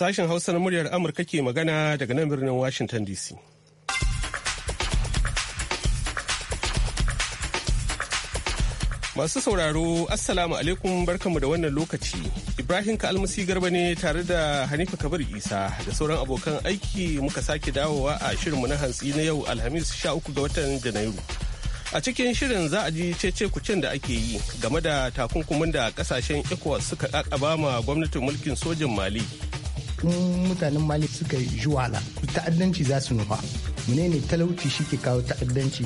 Sashen Hausa na muryar Amurka ke magana daga nan birnin Washington DC. Masu sauraro, Assalamu alaikum barkanmu da wannan lokaci. Ibrahim Kalmasi Garba ne tare da Hanifa Kabir Isa da sauran abokan aiki muka sake dawowa a shirinmu na hantsi na yau Alhamis 13 ga watan Janairu. A cikin shirin za a ji cece kucin da ake yi game da takunkumin da kasashen ECOWAS suka kakaba ma gwamnatin mulkin sojin Mali. tun mutanen mali suka yi juwala ta'addanci za su nufa mune ne talauci shi ke kawo ta'addanci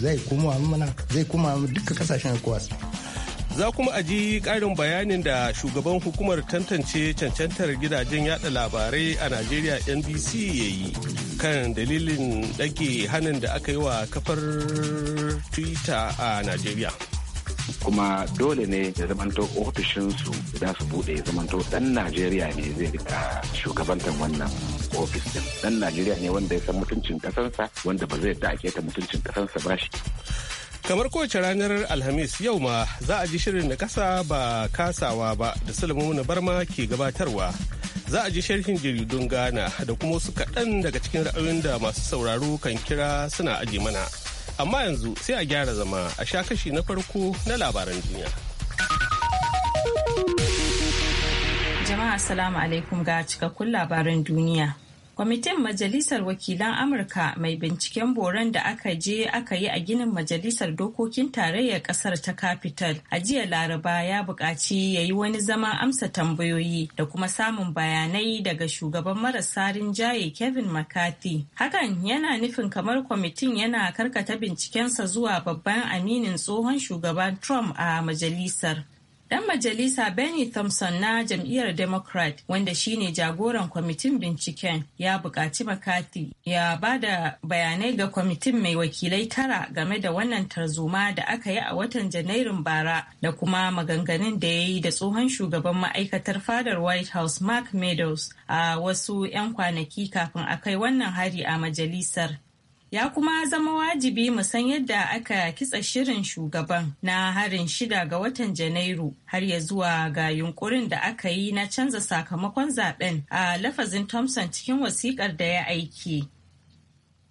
zai koma mana zai koma duka kasashen ecowas za kuma a ji ƙarin bayanin da shugaban hukumar tantance cancantar gidajen yada labarai a najeriya nbc ya yi kan dalilin ɗage hannun da aka yi wa kafar twitter a najeriya kuma dole ne ya zamanto ofishinsu idan su bude ya zamanto dan najeriya ne zai rika shugabantar wannan ofis din dan najeriya ne wanda ya san mutuncin kasansa wanda ba zai da ake ta mutuncin kasansa ba shi kamar kowace ranar alhamis yau ma za a ji shirin da kasa ba kasawa ba da sulmumun barma ke gabatarwa za a ji sharhin jaridun ghana da kuma wasu kaɗan daga cikin ra'ayoyin da masu sauraro kan kira suna aji mana Amma yanzu sai a gyara zama a sha kashi na farko na labaran duniya. Jama'a Salamu alaikum ga cikakkun labaran duniya. kwamitin majalisar wakilan amurka mai binciken boron da aka je aka yi a ginin majalisar dokokin tarayyar kasar ta capital a jiya laraba ya buƙaci ya yi wani zaman amsa tambayoyi da kuma samun bayanai daga shugaban marasa rinjaye kevin mccarthy hakan yana nufin kamar kwamitin yana karkata bincikensa zuwa babban aminin tsohon shugaban trump a majalisar Dan majalisa Benny Thompson na jam'iyyar Democrat wanda shine jagoran kwamitin binciken ya buƙaci McCarthy ya ba da bayanai ga kwamitin mai wakilai tara game da wannan tarzoma da aka yi a watan Janairun bara da kuma maganganun da ya yi da tsohon shugaban ma'aikatar fadar White House Mark Meadows a wasu 'yan kwanaki kafin a kai wannan hari a majalisar. ya kuma zama wajibi mu san yadda aka kitsa shirin shugaban na harin shida ga watan janairu har ya zuwa ga yunkurin da aka yi na canza sakamakon zaben a lafazin thompson cikin wasikar da ya aiki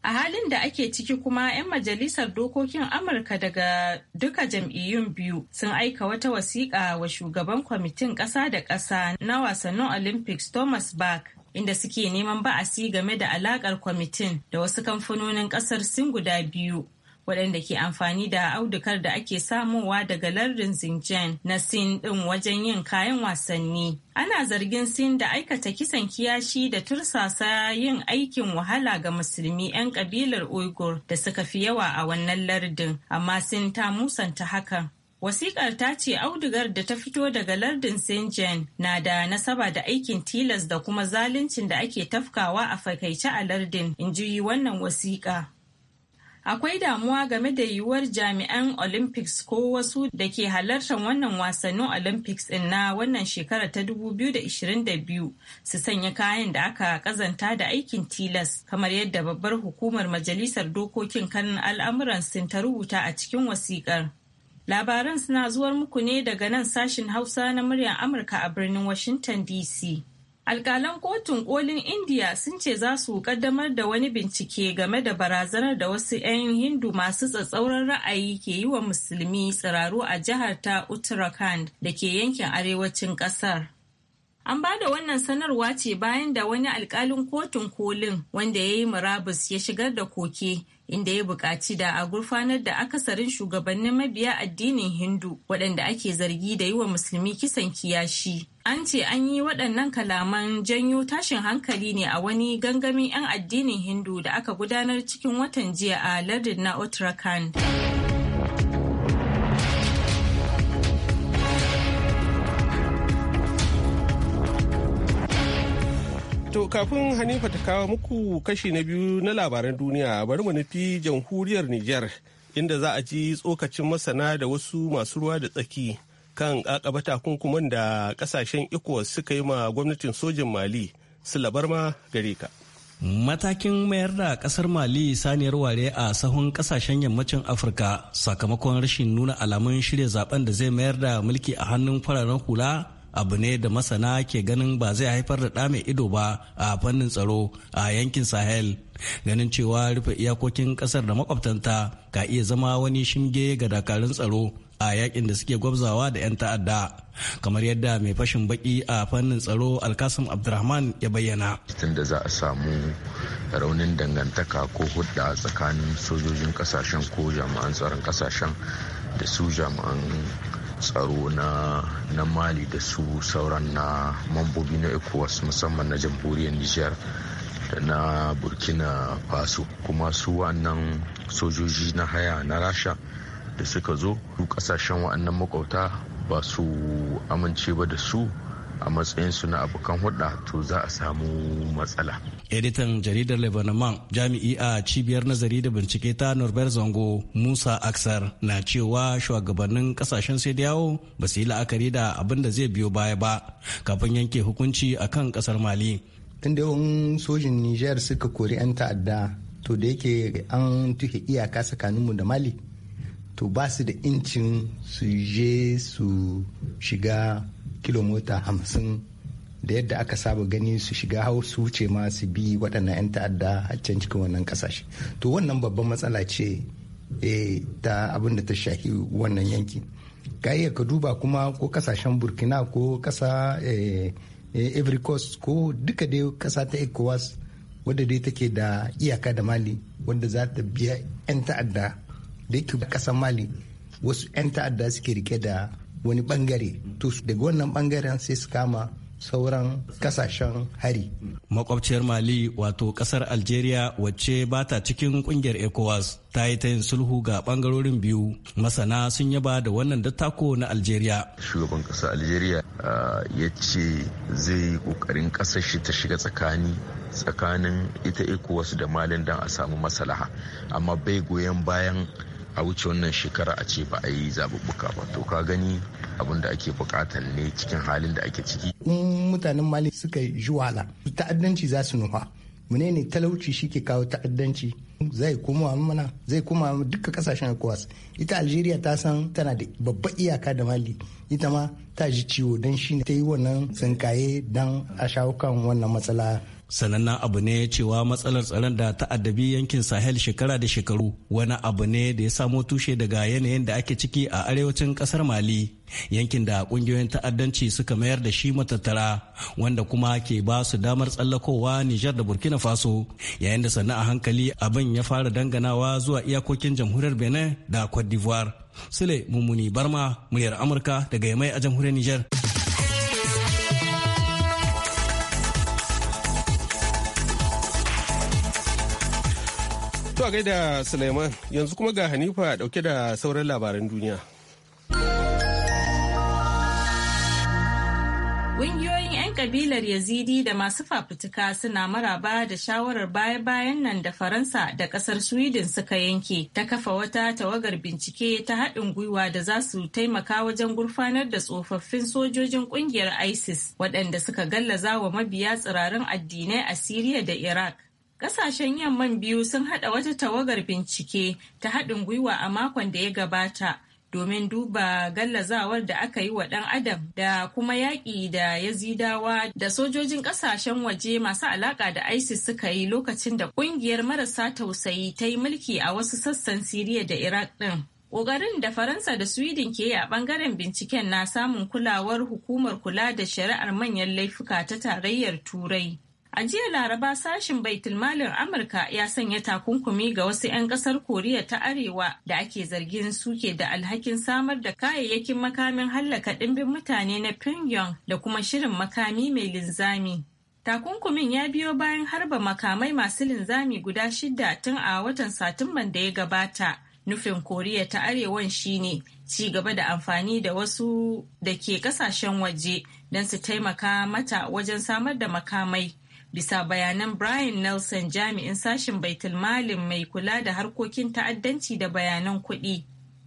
a halin da ake ciki kuma 'yan majalisar dokokin amurka daga duka jam'iyyun biyu sun aika wata wasiƙa wa shugaban kwamitin ƙasa da ƙasa na wasannin olympics thomas bach inda suke neman ba'asi game da alakar kwamitin da wasu kamfanonin kasar sun guda biyu waɗanda ke amfani da audukar da ake samowa daga lardin Xinjiang na Sin ɗin wajen yin kayan wasanni. Ana zargin Sin da aikata kisan kiyashi da tursasa yin aikin wahala ga musulmi 'yan ƙabilar Uyghur da suka fi yawa a wannan lardin, amma Sin ta musanta hakan. Wasikar ta ce audugar da ta fito daga lardin St. John na da nasaba da aikin tilas da kuma zaluncin da ake tafkawa a fakaice a lardin, in ji wannan wasiƙa. Akwai damuwa game da yiwuwar jami'an Olympics ko wasu da ke halartar wannan wasannin Olympics ɗin na wannan shekara ta 2022 su sanya kayan da aka kazanta da aikin tilas kamar yadda babbar hukumar Majalisar Dokokin kan al'amuran sun ta rubuta a cikin wasikar. Labaran suna zuwar muku ne daga nan sashin Hausa na muryar Amurka a birnin Washington DC. Alkalan kotun kolin India sun ce za su kaddamar da wani bincike game da barazanar da wasu 'yan Hindu masu tsatsauran ra'ayi ke yi wa musulmi tsiraru a jihar ta Uttarakhand da ke yankin arewacin kasar. An ba da wannan sanarwa ce bayan da wani alkalin kotun kolin wanda ya yi murabus ya shigar da koke inda ya buƙaci da a gurfanar da akasarin shugabannin mabiya addinin hindu waɗanda ake zargi da yi wa musulmi kisan kiyashi an ce an yi waɗannan kalaman janyo tashin hankali ne a wani gangamin 'yan addinin hindu da aka gudanar cikin watan jiya a lardin na uttarakhand To kafin Hanifa ta kawo muku kashi na biyu na labaran duniya bari mu nufi jamhuriyar Nijar inda za a ji tsokacin masana da wasu masu ruwa da tsaki kan kakaba takunkuman da kasashen ECOWAS suka yi ma gwamnatin sojin Mali su labar ma gare ka. Matakin mayar da kasar Mali saniyar ware a sahun kasashen yammacin Afirka sakamakon rashin nuna alamun shirya zaben da zai mayar da mulki a hannun fararen hula abu ne da masana ke ganin ba zai haifar da ɗa mai ido ba a fannin tsaro a yankin sahel ganin cewa rufe iyakokin ƙasar da makwabtanta ka iya zama wani shinge ga dakarun tsaro a yakin da suke gwabzawa da 'yan ta'adda kamar yadda mai fashin baki a fannin tsaro alkasim abdurrahman ya bayyana tun da za a samu raunin dangantaka ko hudda tsakanin sojojin kasashen ko jami'an tsaron kasashen da su jami'an tsaro na na mali da su sauran na mambobi na ecowas musamman na jamhuriyar nijar da na burkina faso kuma su wannan sojoji na haya na rasha da suka zo kasashen wa'annan makauta ba su amince ba da su a matsayinsu na abokan hudda to za a samu matsala. editan jaridar lebanon jami'i a cibiyar nazari da bincike ta norbert zango musa aksar na cewa shugabannin kasashen sai yawo ba su yi la'akari da abin da zai biyo baya ba kafin yanke hukunci a kan kasar mali tunda yawan sojin niger suka kori 'yan ta'adda to da yake an tuke iyaka tsakaninmu da mali to ba su da incin su je su shiga kilomita hamsin da yadda aka saba gani su shiga hau su wuce ma su bi waɗannan 'yan ta'adda a can cikin wannan kasashe to wannan babban matsala ce eh, ta abin da ta shahi wannan yanki ka iya ka duba kuma ko ƙasashen burkina ko ƙasa eh, eh, ivory coast ko duka dai ƙasa ta ecowas wadda dai take da iyaka da mali wanda za ta biya 'yan ta'adda da yake ƙasar mali wasu 'yan ta'adda suke rike da wani bangare to daga wannan bangaren sai su kama sauran kasashen hari. Makwabciyar Mali wato kasar Algeria wacce ba ta cikin kungiyar ECOWAS ta yi ta yin sulhu ga bangarorin biyu masana sun yaba da wannan dattako na Algeria. Shugaban kasar Algeria ya ce zai yi kokarin kasar shi ta shiga tsakani tsakanin ita ECOWAS da Malin don a samu masalaha amma bai goyon bayan a wuce wannan shekara a ce ba a yi zaɓuɓɓuka ba to ka gani abin da ake bukatar ne cikin halin da ake ciki. in mutanen mali suka yi juwala ta'addanci za su nufa mune ne talauci shi ke kawo ta'addanci zai koma mana zai koma duka kasashen ecowas ita algeria ta san tana da babba iyaka da mali ita ma ta ji ciwo don shi ta yi wannan tsinkaye don a shawo kan wannan matsala sanannen abu ne cewa matsalar tsaron da ta'addabi yankin sahel shekara da shekaru wani abu ne da ya samo tushe daga yanayin da ake ciki a arewacin kasar mali yankin da kungiyoyin ta'addanci suka mayar da shi matattara wanda kuma ke ba su damar tsallakowa nijar da burkina faso yayin da sannan a hankali abin ya fara danganawa zuwa iyakokin jamhuriyar benin da cote d'ivoire sule mummuni barma muryar amurka daga yamai a jamhuriyar nijar a gaida Suleiman yanzu kuma ga Hanifa dauke da sauran labaran duniya. Ƙungiyoyin 'yan ƙabilar Yazidi da masu fafutuka suna maraba da shawarar baya-bayan nan da Faransa da ƙasar Sweden suka yanke ta kafa wata tawagar bincike ta haɗin gwiwa da za su taimaka wajen gurfanar da tsofaffin sojojin ƙungiyar ISIS waɗanda suka gallaza wa mabiya tsirarin addinai a Siriya da Iraq. Ƙasashen yamman biyu sun haɗa wata tawagar bincike ta haɗin gwiwa a makon da ya gabata domin duba gallazawar da aka yi wa ɗan adam da kuma yaƙi da yazidawa da sojojin ƙasashen waje masu alaƙa da isis suka yi lokacin da ƙungiyar marasa tausayi ta yi mulki a wasu sassan siriya da iraq ɗin Ƙoƙarin da Faransa da Sweden ke yi a ɓangaren binciken na samun kulawar hukumar kula da shari'ar manyan laifuka ta tarayyar Turai. A jiya Laraba sashin Baitulmalin Amurka ya sanya takunkumi ga wasu 'yan kasar Koriya ta Arewa da ake zargin suke da alhakin samar da kayayyakin makamin hallaka ɗimbin mutane na Pyongyang da kuma shirin makami mai linzami. Takunkumin ya biyo bayan harba makamai masu linzami guda shida tun a watan Satumban da ya gabata. Nufin Koriya ta Arewan shine ci gaba da amfani da wasu da ke kasashen waje don su taimaka mata wajen samar da makamai. bisa bayanan brian nelson jami'in sashen baitulmalin mai kula da harkokin ta'addanci da bayanan kuɗi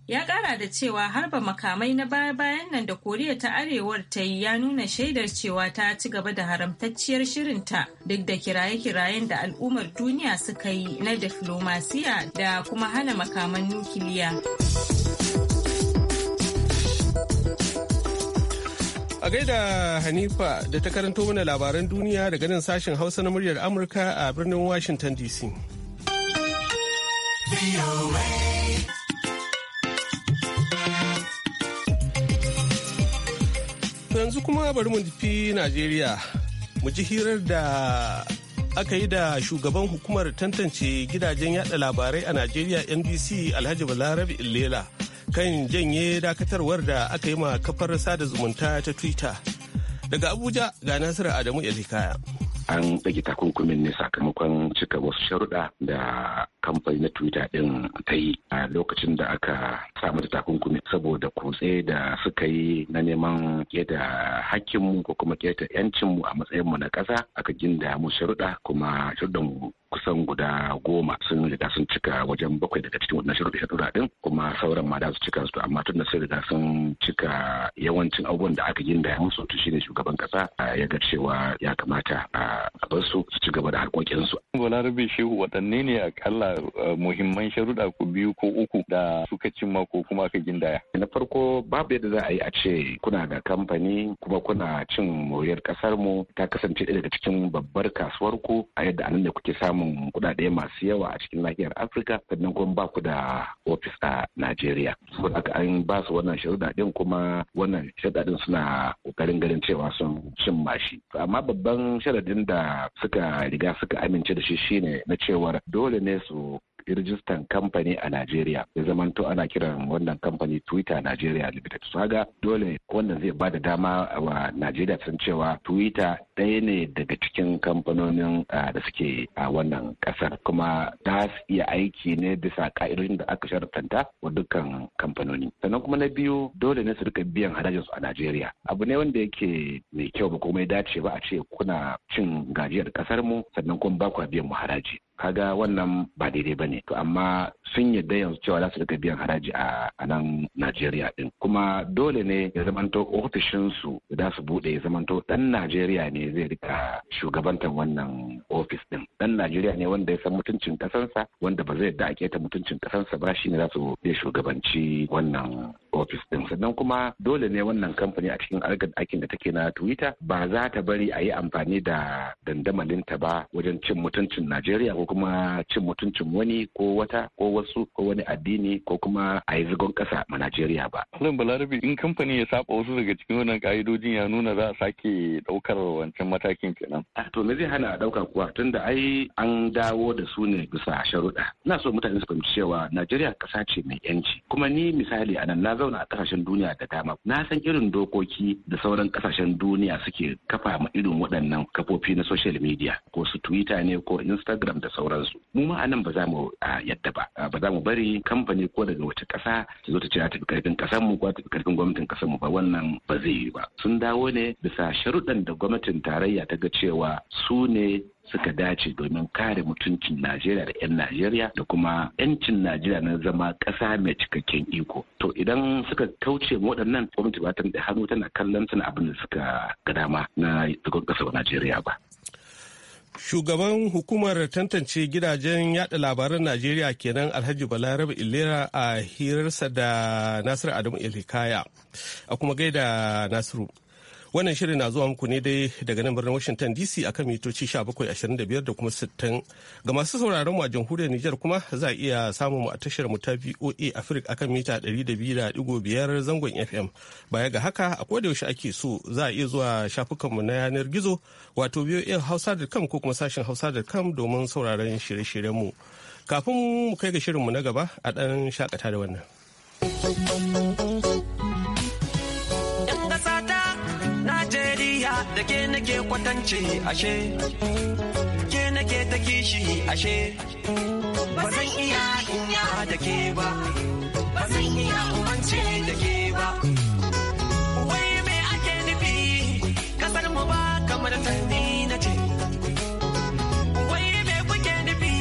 ya ƙara da cewa harba makamai na baya-bayan nan da koriya ta arewar ta yi ya nuna shaidar cewa ta ci gaba da haramtacciyar shirinta duk da kiraye-kirayen da al'ummar duniya suka yi na diflomasiya da kuma hana makaman nukiliya. A gaida Hanifa da ta karanto mana labaran duniya daga nan sashen Hausa na muryar Amurka a birnin Washington DC. yanzu kuma bari mu tafi Najeriya mu ji hirar da aka yi da shugaban hukumar tantance gidajen yada labarai a Najeriya NBC Alhaji Balarabe Illela. kan janye dakatarwar da aka yi ma kafar sada zumunta ta twitter daga abuja ga nasiru adamu ya kaya. an ɗage takunkumin ne sakamakon cika wasu sharuɗa da kamfani na twitter din ta yi a lokacin da aka sa mata takunkumi saboda kutse da suka yi na neman keta hakkinmu ko kuma keta yancinmu a matsayinmu na ƙasa aka ginda mu sharuɗa kuma sharuɗanmu kusan guda goma sun riga sun cika wajen bakwai daga cikin wannan shirin da din kuma sauran ma da su cika su amma tun da sun riga sun cika yawancin abubuwan da aka yin da ya musu tun shine shugaban kasa ya ga cewa ya kamata a bar su su ci gaba da harkokinsu. su. Balarabe Shehu waɗanne ne a kalla. Eh, muhimman Sharuda ku biyu ko uku da suka cimma ko kuma aka gindaya. Na farko babu yadda za a yi a ce kuna da kamfani kuma kuna cin moriyar kasar mu ta kasance ɗaya daga cikin babbar kasuwar ku a yadda anan da kuke samun kuɗaɗe masu yawa a cikin nahiyar Afirka sannan kuma ba ku da ofis a Najeriya. Saboda haka an ba su wannan sharuɗa ɗin kuma wannan sharuɗa ɗin suna ƙoƙarin ganin cewa sun cimma shi. Amma babban sharadin da suka riga suka amince da shi shine na cewar dole ne su rijistan kamfani a Najeriya ya zamanto ana kiran wannan kamfani Twitter Najeriya Limited su haga dole wannan zai bada dama wa Najeriya san cewa Twitter ɗaya ne daga cikin kamfanonin da suke a wannan kasar. kuma ta iya aiki ne bisa ka'idojin da aka sharatanta wa dukkan kamfanoni sannan kuma na biyu dole ne su rika biyan harajin su a Najeriya abu ne wanda yake mai kyau ba komai ya dace ba a ce kuna cin gajiyar kasar mu sannan kuma ba ku biyan mu haraji kaga wannan ba daidai ba ne to amma sun yadda yanzu cewa za su rika biyan haraji a nan najeriya din kuma dole ne ya zamanto ofishinsu da su bude ya zamanto dan najeriya ne zai rika shugabantar wannan ofis din dan najeriya ne wanda ya san mutuncin kasansa wanda ba zai yadda a keta mutuncin kasansa ba shine za su zai shugabanci wannan ofis din sannan kuma dole ne wannan kamfani a cikin aikin da take na twitter ba za ta bari a yi amfani da dandamalinta ba wajen cin mutuncin najeriya ko kuma cin mutuncin wani ko wata ko wasu ko wani addini ko kuma a yi zagon kasa ma najeriya ba. nan balarabi in kamfani ya saba wasu daga cikin wannan ka'idojin ya nuna za a sake daukar wancan matakin kenan. Ah, to me zai hana a dauka kuwa tunda ai an dawo da su ne bisa sharuɗa. ina so mutane su fahimci cewa najeriya kasa ce mai yanci kuma ni misali a nan na zauna a kasashen duniya da dama na san irin dokoki da sauran kasashen duniya suke kafa ma irin waɗannan kafofi na social media ko su twitter ne ko instagram da sauransu mu ma anan ba za mu yadda ba ba za mu bari kamfani ko daga wata ƙasa ta zo ta ce ta karfin ƙasar mu ko ta karfin gwamnatin ƙasar mu ba wannan ba zai yi ba sun dawo ne bisa sharuɗan da gwamnatin tarayya ta ga cewa su ne suka dace domin kare mutuncin Najeriya da 'yan Najeriya da kuma 'yancin Najeriya na zama ƙasa mai cikakken iko. To idan suka kauce waɗannan gwamnati ba ta da hannu tana kallon tana abin da suka ga dama na zagon ƙasar Najeriya ba. Shugaban hukumar tantance gidajen yada labaran Najeriya kenan Alhaji Balarabe Ilera a hirarsa da Nasiru Adamu Ilhikaya a kuma gaida Nasiru. Wannan shirin na zuwa muku ne dai daga nan birnin Washington DC akan mitoci 1725 da kuma 60. Ga masu sauraron mu a jamhuriyar niger kuma za a iya samun mu a tashar mu ta VOA Africa akan mita 200.5 zangon FM. Baya ga haka a koda yaushe ake so za a iya zuwa shafukan mu na yanar gizo wato voahausa.com ko kuma sashen hausa.com domin sauraron shirye-shiryen mu. Kafin mu kai ga shirin mu na gaba a ɗan shakata da wannan. da ke nake kwatance ashe ke nake ta kishi ashe ba zan iya inya da ke ba ba zan iya umance da ke ba wai me ake nufi kasar mu ba kamar tanni na ce wai me kuke nufi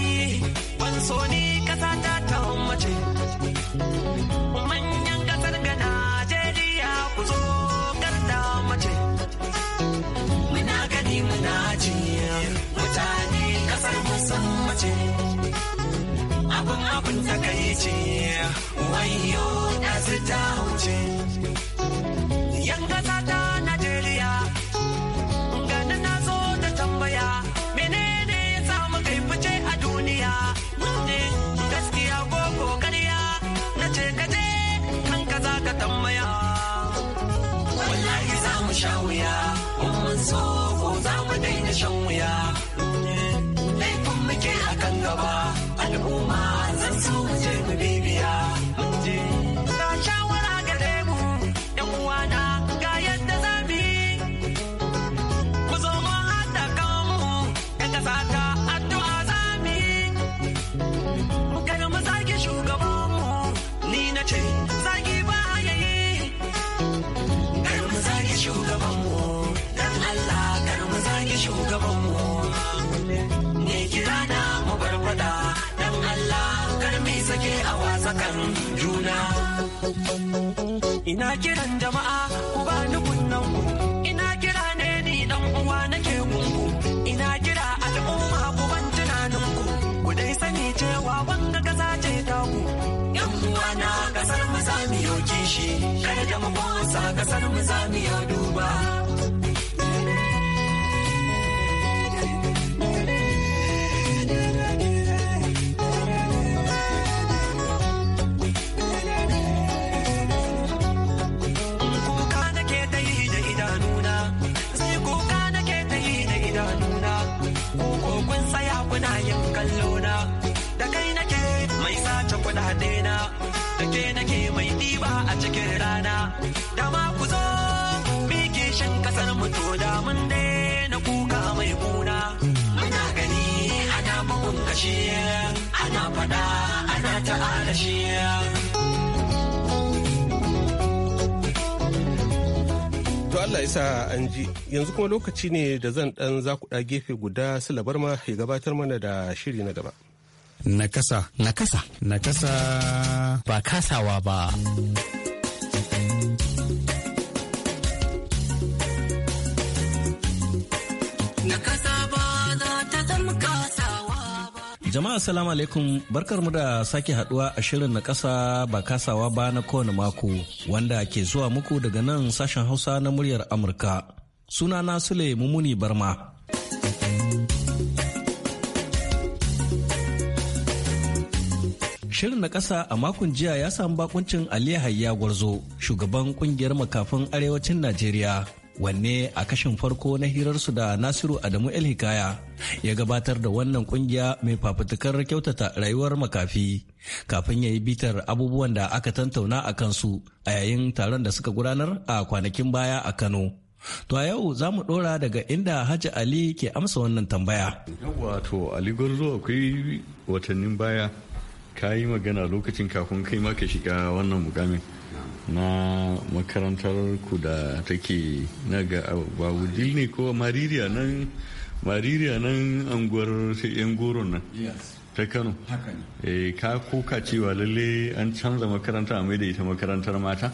ban so ni ce abin abin takaici wayo da su ta wuce yan gasa ta ne kira na mu faɗa dan Allah kar sake a wasakan juna ina kiran jama'a ku ba ni kunnan ku ina kira ne ni dan uwa nake gungu ina kira al'umma ku ban tunanin ku ku dai sani cewa wanga kasa ce ta ku yan uwa na kasar mu za mu yau kishi, kada mu kasar mu za mu duba ce nake mai ɗiba a cikin rana dama ku zo mi shan kasar to da mun na kuka mai kuna muna gani ana bugun kashi ana fada ana ta'ala shi To Allah ya an ji yanzu kuma lokaci ne da zan ɗan zakuɗa gefe guda silabar ma ya gabatar mana da shiri na gaba. Nakasa. Nakasa. Nakasa. Ba kasawa ba. Jama'a salamu alaikum barkar mu da sake haduwa a shirin na kasa ba kasawa ba na kowane mako wanda ke zuwa muku daga nan sashen hausa na muryar Amurka. Sunana Sule Mumuni Barma. Shirin na ƙasa a makon jiya ya samu bakuncin Ali Hayya Gwarzo, shugaban kungiyar makafin arewacin Najeriya. Wanne a kashin farko na hirarsu da Nasiru Adamu El Hikaya ya gabatar da wannan kungiya mai fafutukar kyautata rayuwar makafi kafin ya yi bitar abubuwan da aka tantauna a kansu a yayin taron da suka gudanar a kwanakin baya a Kano. To a yau za mu ɗora daga inda haji Ali ke amsa wannan tambaya. Wato Ali Gwarzo akwai watannin baya ka yi magana lokacin kafin kai ma ka shiga wannan mukamin na makarantar ku da take na ga babu ne ko maririya nan maririya nan anguwar yan goron nan ta kano eh, ka koka cewa lalle an canza makaranta a mai da ita makarantar mata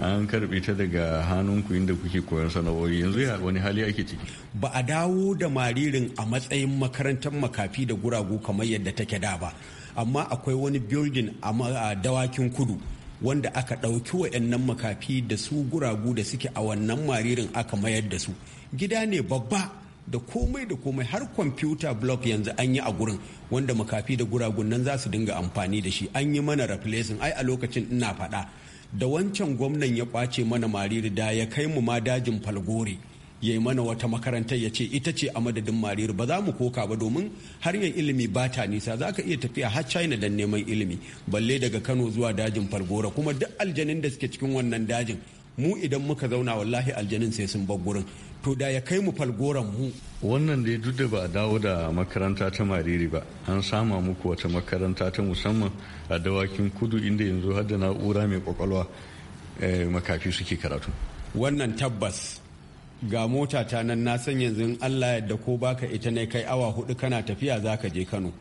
an karbe ta daga hannunku inda kuke koyon sana'o'i yanzu ya wani hali ake ciki ba a dawo da maririn a matsayin makarantar makafi da guragu kamar yadda take da ba amma akwai wani building a dawakin kudu wanda aka ɗauki wa'annan makafi da su guragu da suke a wannan maririn aka mayar da su gida ne babba da komai da komai har kwamfuta block yanzu an yi a gurin wanda makafi da guragun nan za su dinga amfani da shi an yi mana replacing ai a lokacin ina faɗa da wancan gwamnan ya kwace mana mariri da ya kai mu ma dajin falgore ya yi mana wata makarantar ya ce ita ce a madadin mariyar ba za mu koka ba domin hanyar ilimi ba ta nisa za ka iya tafiya har china don neman ilimi balle daga kano zuwa dajin falgora kuma duk aljanin da suke cikin wannan dajin mu idan muka zauna wallahi aljanin sai sun bar gurin to da ya kai mu falgoran mu wannan dai duk da ba a dawo da makaranta ta mariri ba an sama muku wata makaranta ta musamman a dawakin kudu inda yanzu har da na'ura mai kwakwalwa eh, makafi suke karatu wannan tabbas ga mota ta nan na san yanzu Allah yadda ko baka ita ne kai awa hudu kana tafiya zaka je Kano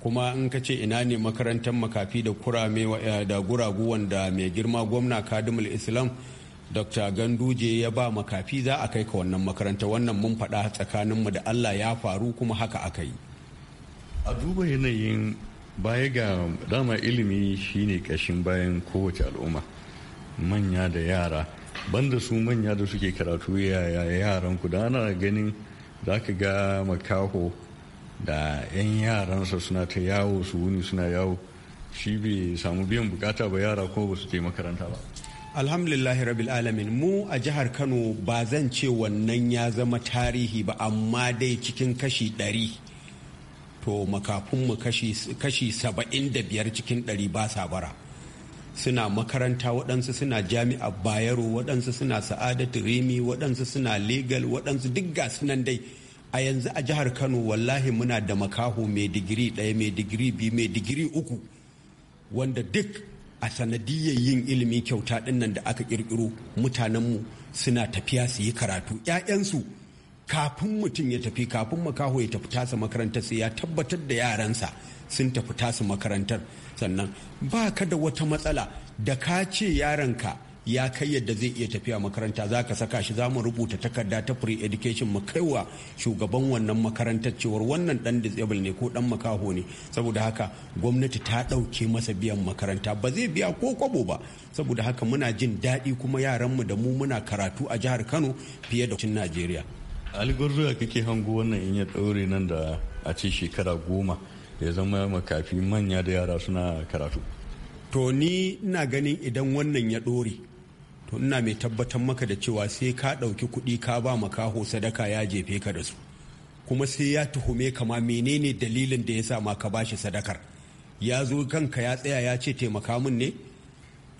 kuma in ka ce ina ne makarantar makafi da kurame eh, da guragu wanda mai girma gwamna kadimul islam dr ganduje ya ba makafi za a kai ka wannan makaranta wannan mun faɗa tsakaninmu da allah ya faru kuma haka aka yi a duba yanayin baya ga dama ilimi shine kashin bayan kowace al'umma manya da yara banda su manya da suke karatu yaya yaran ku da ana ganin za ka ga makaho da 'yan yaransa suna ta yawo su wuni suna yawo shi bai samu biyan bukata ba yara ko ba su je makaranta ba alhamdulillahi rabbil alamin mu a jihar kano ba zan ce wannan ya zama tarihi ba amma dai cikin kashi ɗari to makafinmu kashi saba'in da biyar cikin ɗari ba sa bara suna makaranta waɗansu suna jami'a bayero waɗansu suna sa'adatu rimi waɗansu suna legal waɗansu duk ga sunan dai a yanzu a jihar kano wallahi muna da makaho mai digiri ɗaya mai digiri biyu mai digiri uku wanda duk a sanadiyyar yin ilimi kyauta ɗinnan da aka ƙirƙiro mutanenmu suna tafiya su yi karatu 'ya'yansu kafin mutum ya tafi kafin makaho ya tafi tasa makarantar sai ya tabbatar da yaransa sun tafi tasa makarantar sannan ba ka da wata matsala da ka ce yaronka ya kai yadda zai iya tafiya makaranta za ka saka shi za mu rubuta takarda ta free education mu kai wa shugaban wannan makarantar cewar wannan dan disable ne ko dan makaho ne saboda haka gwamnati ta ɗauke masa biyan makaranta ba zai biya ko kwabo ba saboda haka muna jin daɗi kuma yaran mu da mu muna karatu a jihar kano fiye da cikin najeriya algorzuwa kake hango wannan in ya daure nan da a ce shekara goma da ya zama makafi manya da yara suna karatu to ni ina ganin idan wannan ya dore to ina mai tabbatar maka da cewa sai ka ɗauki kuɗi ka ba makaho sadaka ya jefe ka da su kuma sai ya tuhume kama menene dalilin da ya sa maka bashi sadakar ya zo kanka ya tsaya ya ce taimaka min ne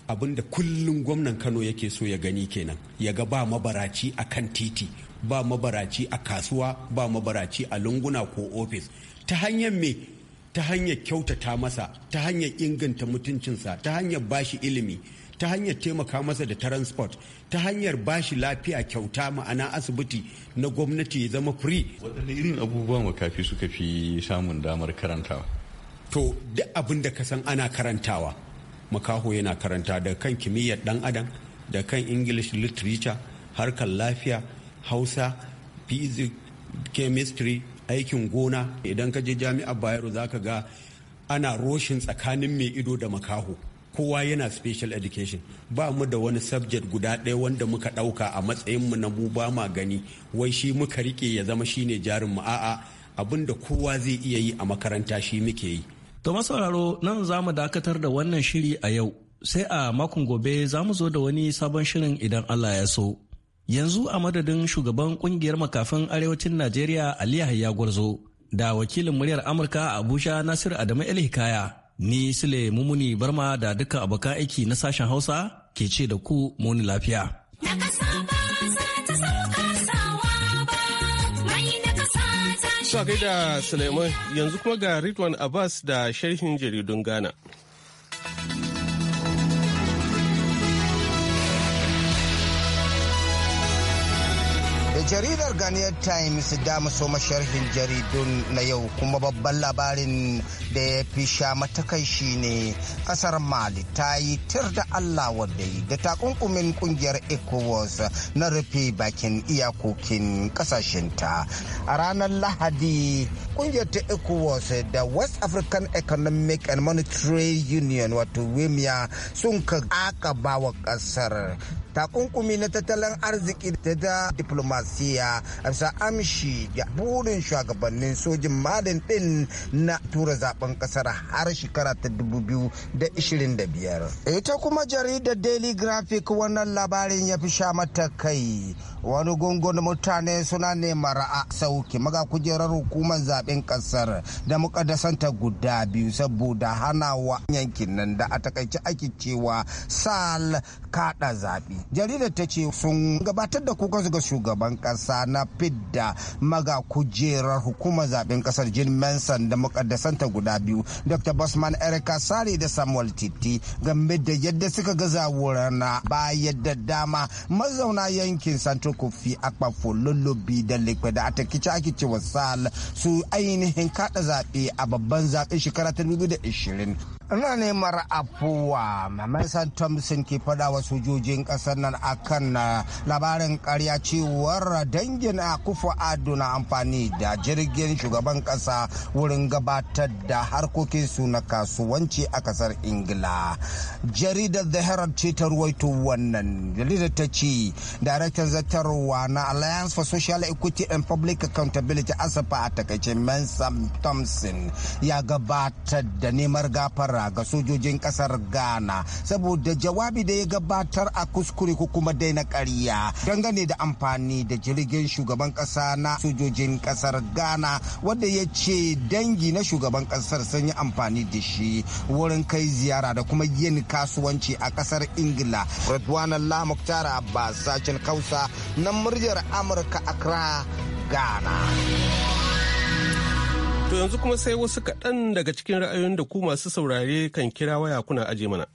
abin da kullum gwamnan kano yake so ya gani kenan ya ga ba mabaraci a kan titi ba mabaraci a kasuwa ba mabaraci a lunguna ko ofis ta hanyar me ta hanyar kyautata masa ta hanyar inganta mutuncinsa ta hanyar bashi ilimi ta hanyar taimaka masa da transport ta hanyar bashi lafiya kyauta ma'ana asibiti na gwamnati ya zama free waɗanne irin abubuwa makafi suka fi samun damar karantawa to duk abin da ka san ana karantawa makaho yana karanta da kan kimiyyar dan adam da kan english literature harkar lafiya hausa physics chemistry aikin gona idan ka je jami'ar bayero za ka ga ana roshin tsakanin mai ido da makaho kowa yana special education ba mu da wani subject guda ɗaya wanda muka ɗauka a matsayinmu na mu ba ma gani wai shi muka rike ya zama shine jarin mu a'a abin da kowa zai iya yi a makaranta shi muke yi to masauraro nan za mu dakatar da wannan shiri a yau sai a makon gobe za mu zo da wani sabon shirin idan Allah ya so yanzu a madadin shugaban kungiyar makafin arewacin najeriya ali yahya gwarzo da wakilin muryar amurka a abuja nasir adamu el hikaya ni sule mumuni barma da duka abokan aiki na sashen hausa ke ce da ku muni lafiya Sa gaida Suleiman yanzu kuma ga Ridwan Abbas da sharhin jaridun Ghana. Jaridar ganiyar Times da maso masharhin jaridun na yau kuma babban labarin da ya fi sha matakai shi ne kasar Mali ta yi tir da Allah wadda yi da takunkumin kungiyar ECOWAS na rufe bakin iyakokin kasashenta A ranar Lahadi kungiyar ta ECOWAS da West African Economic and Monetary Union wato WEMIA sun ka aka bawa kasar takunkumi na tattalin arziki da da diplomasiya bisa amshi ga burin shugabannin sojin malin din na tura zaben kasar har shekara ta da biyar. ita kuma jaridar daily graphic wannan labarin ya fi sha mata kai wani gungun mutane suna mara a sauki maga kujerar hukumar zaben kasar da mukaddasanta guda biyu saboda hanawa yankin nan da a takaice ake cewa sal kada zaɓe jaridar ta ce sun gabatar da kukansu ga shugaban kasa na fidda maga kujerar hukumar zaben kasar jin manson da mukaddasanta guda biyu dr bosman erika sare da samuel titi game da yadda suka ga gaza na. bayan da dama mazauna yankin santo kofi akpafo lullubi da likwe da atakici ake cewa sal su ainihin kada zaɓe a babban zaɓen shekara ta 2020 ina neman afuwa Mansa thompson ke faɗawa wa sojojin ƙasar nan a akan uh, labarin karya cewar dangin kufa ado na amfani da jirgin shugaban ƙasa wurin gabatar da harkokin su na kasuwanci a ƙasar ingila jaridar the herald ce ta ruwaito wannan jaridar ta ce daraktan zartarwa na alliance for social equity and public accountability asafa a takaice Mansa thompson ya gabatar da neman gafara ga sojojin kasar ghana saboda jawabi da ya gabatar a kuskure ko kuma daina ƙarya dangane da amfani da jirgin shugaban kasa na sojojin kasar ghana wanda ya ce dangi na shugaban kasar sun yi amfani da shi wurin kai ziyara da kuma yin kasuwanci a kasar ingila radwana la muktara abbas sashen kausa na muryar amurka accra ghana To yanzu kuma sai wasu kaɗan daga cikin ra'ayoyin da ku masu saurare kan kira waya kuna aje mana.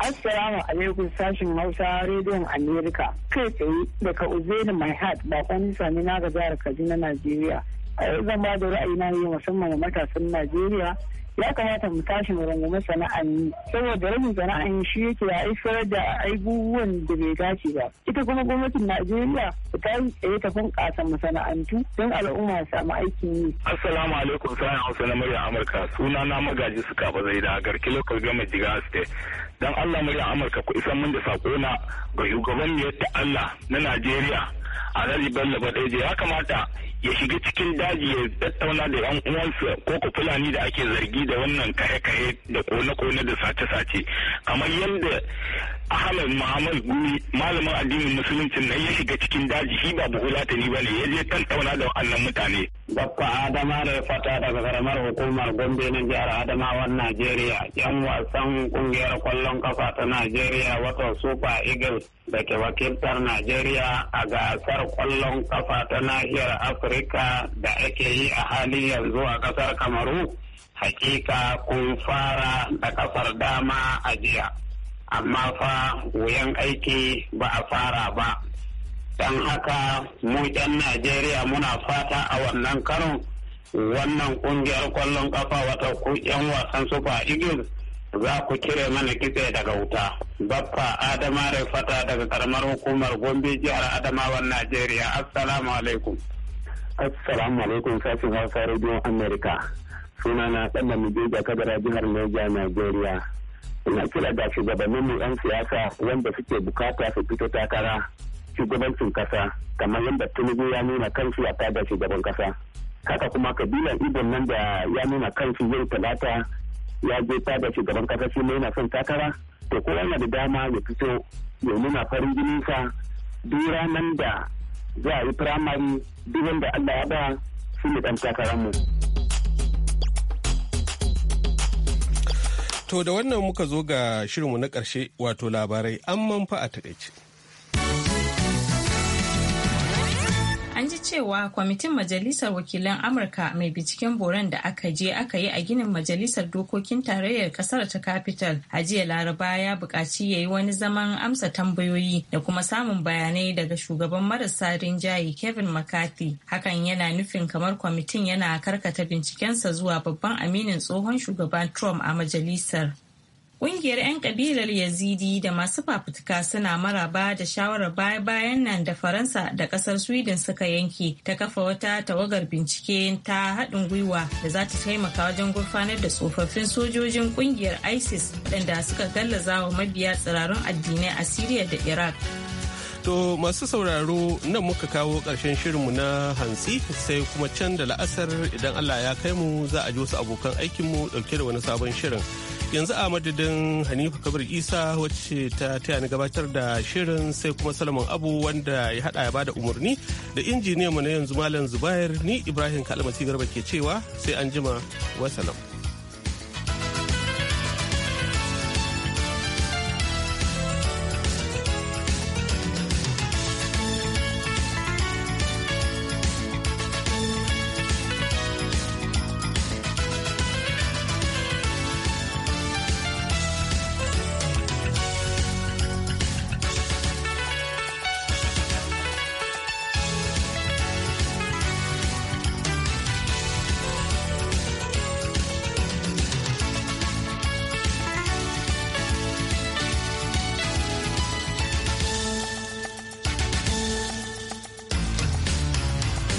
Assalamu alaikum sashin Hausa rediyon Amerika. Kai tsaye daga Uzeni My Heart bakon sami na ga jihar Kaduna Najeriya. A yau zan ba da na yi musamman matasan Najeriya ya kamata mu tashi mu rungumi sana'an ni saboda rashin sana'an shi yake haifar da abubuwan da bai dace ba ita kuma gwamnatin najeriya ta yi tsaye ta bunƙasa masana'antu don al'umma su samu aikin yi assalamu alaikum sayan hausa na murya amurka suna na magaji suka ba zai da garki lokal gama jiga state don allah murya amurka ku isan mun da sako na ga shugaban ta allah na najeriya alhaji bello ba ya kamata ya shiga cikin daji ya tattauna da yan uwansa ko ku fulani da ake zargi da wannan kaye-kaye da kone-kone da sace-sace kamar yadda ahmad muhammad guri malamin addinin musulunci na ya shiga cikin daji shi ba ni ba ne ya je tattauna da wannan mutane Bappa Adama da ya fata daga karamar hukumar Gombe na jihar Adamawan Najeriya, yan wasan kungiyar kwallon kafa ta Najeriya wato Super Eagles da ke wakiltar Najeriya a gasar kwallon kafa ta nahiyar Afirka. afirka da ake yi a halin yanzu a ƙasar kamaru hakika kun fara da kasar dama a jiya amma fa wuyan aiki ba a fara ba don haka mu 'yan najeriya muna fata a wannan karon wannan ƙungiyar kwallon ƙafa wata ku wasan super eagles za ku cire mana kitse daga wuta. Baffa Adama Fata daga karamar hukumar Gombe jihar Adamawan Najeriya. Assalamu alaikum. Assalamu alaikum sashen Hausa rediyon America. Suna na ɗan Mijeja kabara jihar Niger, Nigeria. Ina kira da shugabannin mu 'yan siyasa wanda suke bukata su fito takara shugabancin kasa kamar yadda Tinubu ya nuna kansu a tada shugaban kasa. Haka kuma kabilan Ibon nan da ya nuna kansu yau talata ya je tada shugaban kasa shi ne yana son takara. To ko yana da dama ya fito ya nuna farin jininsa duk ranar da za a yi firamari duk wanda Allah ya ba su ne ɗan takararmu. To da wannan muka zo ga shirinmu na ƙarshe wato labarai an manfa a taƙaice. cewa kwamitin majalisar wakilan amurka mai binciken boron da aka je aka yi a ginin majalisar dokokin tarayyar kasar ta capital a jiya laraba ya buƙaci ya yi wani zaman amsa tambayoyi da kuma samun bayanai daga shugaban marasa rinjaye kevin mccarthy hakan yana nufin kamar kwamitin yana karkata bincikensa zuwa babban aminin tsohon shugaban trump a majalisar Ƙungiyar 'yan ƙabilar Yazidi da masu fafutuka suna maraba da shawarar baya-bayan nan da Faransa da ƙasar Sweden suka yanke ta kafa wata tawagar bincike ta haɗin gwiwa da za ta taimaka wajen gurfanar da tsofaffin sojojin ƙungiyar ISIS waɗanda suka gallaza wa mabiya tsirarun addinai a Siriya da Iraq. To masu sauraro nan muka kawo ƙarshen shirinmu na hantsi sai kuma can da la'asar idan Allah ya kai mu za a ji wasu abokan aikinmu ɗauke da wani sabon shirin. yanzu a madadin hanifa kabir isa wacce ta taya ni gabatar da shirin sai kuma salamun abu wanda ya hada ya bada umarni da mu na yanzu malam zubair ni ibrahim kalmasi garba ke cewa sai an jima wasalam